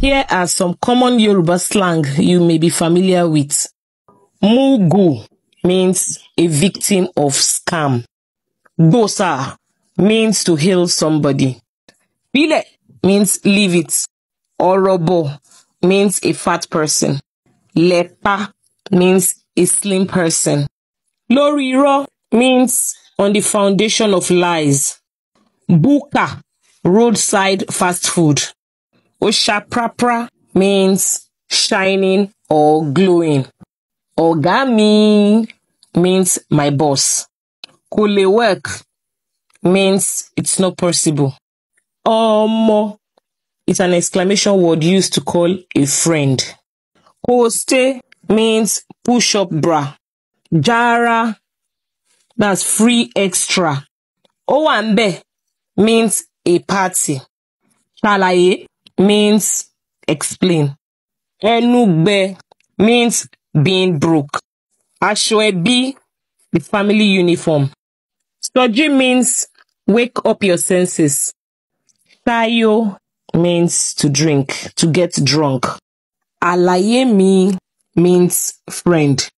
Here are some common Yoruba slang you may be familiar with. Mugu means a victim of scam. Bosa means to heal somebody. Bile means leave it. Orobo means a fat person. Lepa means a slim person. Loriro means on the foundation of lies. Buka, roadside fast food. Oshaprapra means shining or glowing. Ogami means my boss. Kule work means it's not possible. Omo is an exclamation word used to call a friend. Koste means push up bra. Jara, that's free extra. Owambe means a party. Shalaye means explain. Enugbe means being broke. Aṣọ the family uniform. Soji means wake up your senses. Tayo means to drink, to get drunk. Alayemi means friend.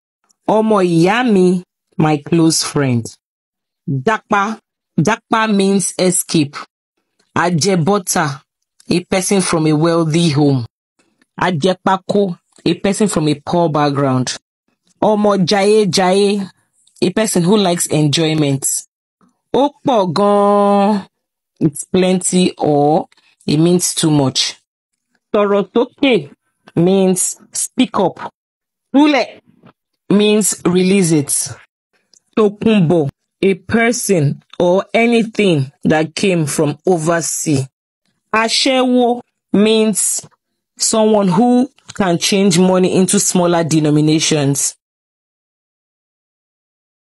Ọmọ ìyá my close friend. Dápá, dápá means escape. Ajebota. a person from a wealthy home. Adjepako, a person from a poor background. Ọmọ jaye jaye, a person who likes enjoyment. Ó it's plenty or it means too much. Torotoke means speak up. Túlẹ̀ means release it. Tokumbo. a person or anything that came from overseas. Ashewo means someone who can change money into smaller denominations.